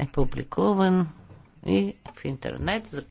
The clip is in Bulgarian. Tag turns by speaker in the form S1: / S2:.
S1: е публикуван и в интернет. за